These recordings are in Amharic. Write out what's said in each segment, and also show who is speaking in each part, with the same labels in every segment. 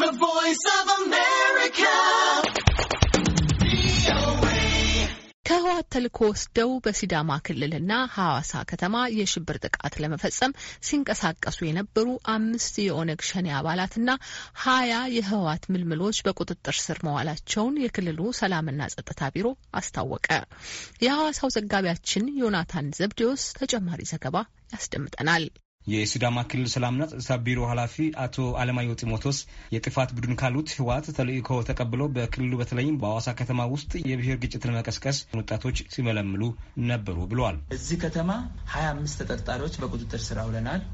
Speaker 1: The Voice of America.
Speaker 2: ከህወሓት ተልእኮ ወስደው በሲዳማ ክልልና ሐዋሳ ከተማ የሽብር ጥቃት ለመፈጸም ሲንቀሳቀሱ የነበሩ አምስት የኦነግ ሸኔ አባላትና ሀያ የህወሓት ምልምሎች በቁጥጥር ስር መዋላቸውን የክልሉ ሰላምና ጸጥታ ቢሮ አስታወቀ። የሐዋሳው ዘጋቢያችን ዮናታን ዘብዴዎስ ተጨማሪ ዘገባ ያስደምጠናል።
Speaker 3: የሲዳማ ክልል ሰላምና ጸጥታ ቢሮ ኃላፊ አቶ አለማየሁ ጢሞቶስ የጥፋት ቡድን ካሉት ህወሓት ተልእኮ ተቀብሎ በክልሉ በተለይም በአዋሳ ከተማ ውስጥ የብሔር ግጭት
Speaker 4: ለመቀስቀስ ወጣቶች ሲመለምሉ ነበሩ ብለዋል። እዚህ ከተማ ሀያ አምስት ተጠርጣሪዎች በቁጥጥር ስር አውለናል።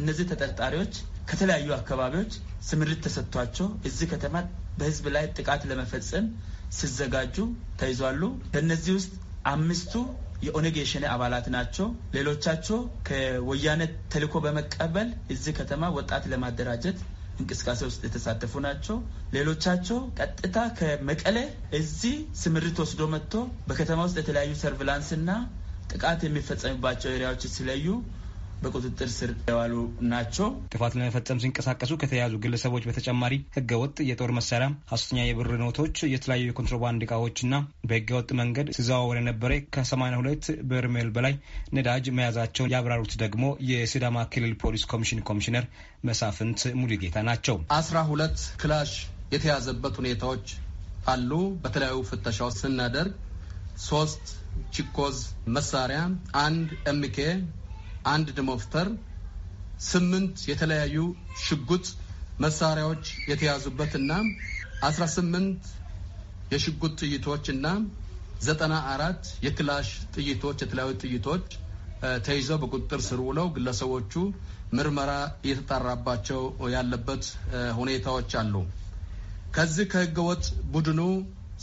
Speaker 4: እነዚህ ተጠርጣሪዎች ከተለያዩ አካባቢዎች ስምሪት ተሰጥቷቸው እዚህ ከተማ በህዝብ ላይ ጥቃት ለመፈጸም ሲዘጋጁ ተይዟሉ። ከእነዚህ ውስጥ አምስቱ የኦነግ የሸኔ አባላት ናቸው። ሌሎቻቸው ከወያኔ ተልዕኮ በመቀበል እዚህ ከተማ ወጣት ለማደራጀት እንቅስቃሴ ውስጥ የተሳተፉ ናቸው። ሌሎቻቸው ቀጥታ ከመቀሌ እዚህ ስምሪት ወስዶ መጥቶ በከተማ ውስጥ የተለያዩ ሰርቪላንስና ጥቃት የሚፈጸምባቸው ኤሪያዎች ሲለዩ በቁጥጥር ስር የዋሉ ናቸው። ጥፋት ለመፈጸም ሲንቀሳቀሱ ከተያዙ ግለሰቦች በተጨማሪ
Speaker 3: ህገወጥ የጦር መሳሪያ፣ ሐሰተኛ የብር ኖቶች፣ የተለያዩ የኮንትሮባንድ እቃዎችና በህገወጥ መንገድ ሲዘዋወር የነበረ ከ82 በርሜል በላይ ነዳጅ መያዛቸውን ያብራሩት ደግሞ የሲዳማ ክልል ፖሊስ ኮሚሽን ኮሚሽነር መሳፍንት ሙሉጌታ ናቸው። አስራ ሁለት
Speaker 1: ክላሽ የተያዘበት ሁኔታዎች አሉ። በተለያዩ ፍተሻዎች ስናደርግ ሶስት ቺኮዝ መሳሪያ፣ አንድ ኤምኬ አንድ ድሞፍተር፣ ስምንት የተለያዩ ሽጉጥ መሳሪያዎች የተያዙበትና አስራ ስምንት የሽጉጥ ጥይቶች እና ዘጠና አራት የክላሽ ጥይቶች የተለያዩ ጥይቶች ተይዘው በቁጥጥር ስር ውለው ግለሰቦቹ ምርመራ እየተጣራባቸው ያለበት ሁኔታዎች አሉ። ከዚህ ከህገወጥ ቡድኑ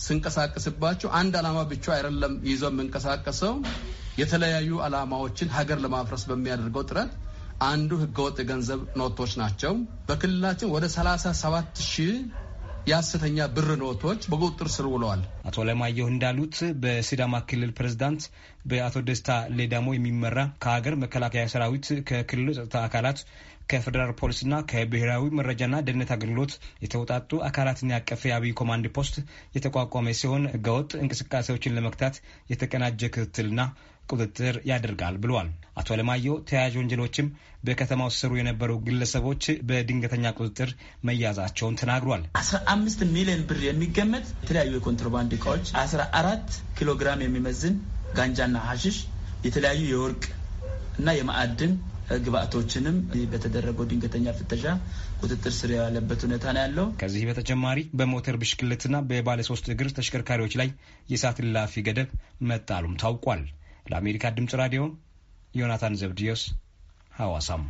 Speaker 1: ስንቀሳቀስባቸው አንድ ዓላማ ብቻ አይደለም ይዘው የምንቀሳቀሰው የተለያዩ ዓላማዎችን ሀገር ለማፍረስ በሚያደርገው ጥረት አንዱ ህገወጥ የገንዘብ ኖቶች ናቸው። በክልላችን ወደ 37 ሺህ የሐሰተኛ ብር ኖቶች በቁጥጥር ስር ውለዋል። አቶ ለማየሁ እንዳሉት
Speaker 3: በሲዳማ ክልል ፕሬዝዳንት በአቶ ደስታ ሌዳሞ የሚመራ ከሀገር መከላከያ ሰራዊት ከክልሉ ጸጥታ አካላት ከፌዴራል ፖሊስና ከብሔራዊ መረጃና ደህንነት አገልግሎት የተውጣጡ አካላትን ያቀፈ የአብይ ኮማንድ ፖስት የተቋቋመ ሲሆን ህገወጥ እንቅስቃሴዎችን ለመግታት የተቀናጀ ክትትልና ቁጥጥር ያደርጋል ብሏል። አቶ አለማየሁ ተያያዥ ወንጀሎችም በከተማው ውስሰሩ የነበሩ ግለሰቦች በድንገተኛ ቁጥጥር መያዛቸውን
Speaker 4: ተናግሯል። አምስት ሚሊዮን ብር የሚገመት የተለያዩ የኮንትሮባንድ እቃዎች፣ 14 ኪሎ ግራም የሚመዝን ጋንጃና ሀሽሽ፣ የተለያዩ የወርቅ እና የማዕድን ግብአቶችንም በተደረገው ድንገተኛ ፍተሻ ቁጥጥር ስር ያለበት ሁኔታ ነው
Speaker 3: ያለው። ከዚህ በተጨማሪ በሞተር ብሽክልትና በባለሶስት እግር ተሽከርካሪዎች ላይ የሰዓት እላፊ ገደብ መጣሉም ታውቋል። ለአሜሪካ ድምፅ ራዲዮ ዮናታን ዘብድዮስ ሐዋሳም